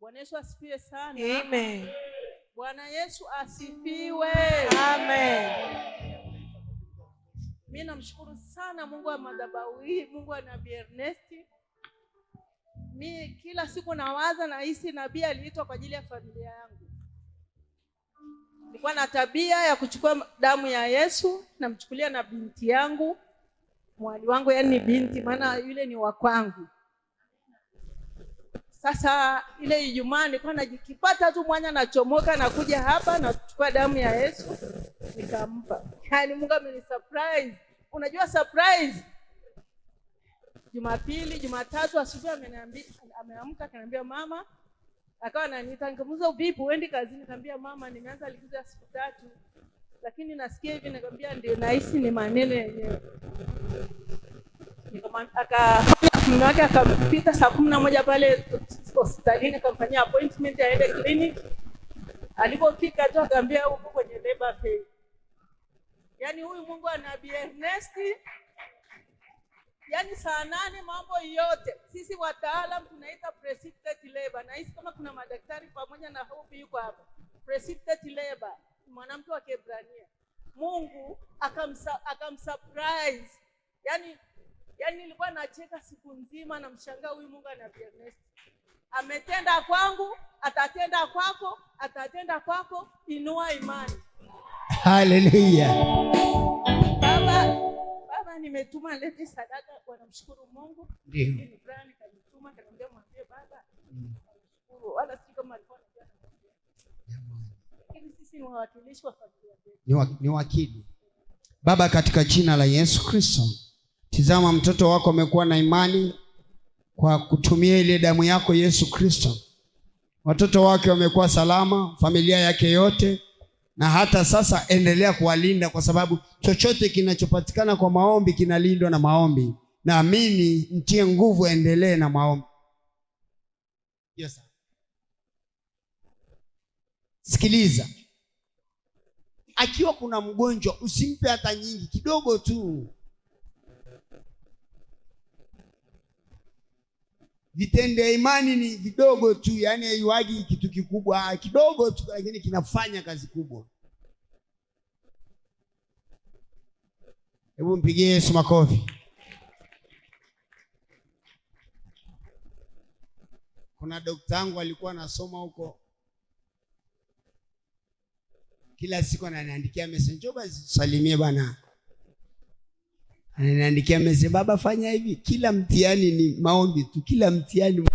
Bwana Yesu asifiwe sana. Amen. Bwana Yesu asifiwe. Amen. Mimi namshukuru sana Mungu wa madhabahu hii, Mungu wa Nabii Ernest. Mi kila siku nawaza na hisi nabii aliitwa kwa ajili ya familia yangu. Nilikuwa na tabia ya kuchukua damu ya Yesu namchukulia na binti yangu mwali wangu, yaani ni binti, maana yule ni wa kwangu sasa ile Ijumaa nilikuwa najikipata tu mwanya, nachomoka nakuja hapa nachukua damu ya Yesu nikampa. Yaani Mungu ameni amenisurprise. Unajua surprise? Jumapili, Jumatatu asubuhi ameniambia ameamka akaniambia mama, akawa ananiita nikamuuliza vipi uendi kazini? Nikamwambia mama, nimeanza likizo ya siku tatu. Lakini nasikia hivi nikamwambia ndio nahisi ni maneno yenyewe. Nikamwambia aka mume wake akapita saa kumi na moja pale hospitalini, kamfanyia appointment aende clinic. Alipofika tu akaambia huko kwenye labor pay. Yaani huyu Mungu ana Bi Ernest, yaani saa nane mambo yote. Sisi wataalam tunaita precipitate labor, na hisi kama kuna madaktari pamoja na hupi yuko hapa. Precipitate labor, mwanamke wa Kiebrania. Mungu akamsa, akamsurprise. Yaani yaani nilikuwa nacheka siku nzima na mshangaa huyu Mungu ana Bi Ernest. Ametenda kwangu, atatenda kwako, atatenda kwako. Inua imani. Haleluya. Baba, baba, nimetuma leti sadaka. Wanamshukuru Mungu. Ndio. Ni wakili. Baba, katika jina la Yesu Kristo, tizama mtoto wako amekuwa na imani kwa kutumia ile damu yako Yesu Kristo. Watoto wake wamekuwa salama, familia yake yote, na hata sasa endelea kuwalinda, kwa sababu chochote kinachopatikana kwa maombi kinalindwa na maombi. Naamini mtie nguvu, endelee na maombi. Yes. Sikiliza, akiwa kuna mgonjwa usimpe hata nyingi, kidogo tu. vitendo ya imani ni vidogo tu, yaani haiwagi kitu kikubwa, ah, kidogo tu, lakini kinafanya kazi kubwa. Hebu mpigie Yesu makofi. Kuna dokta wangu alikuwa anasoma huko, kila siku ananiandikia message, njoo basi salimie bwana ananiandikia mese, baba fanya hivi. Kila mtihani ni maombi tu, kila mtihani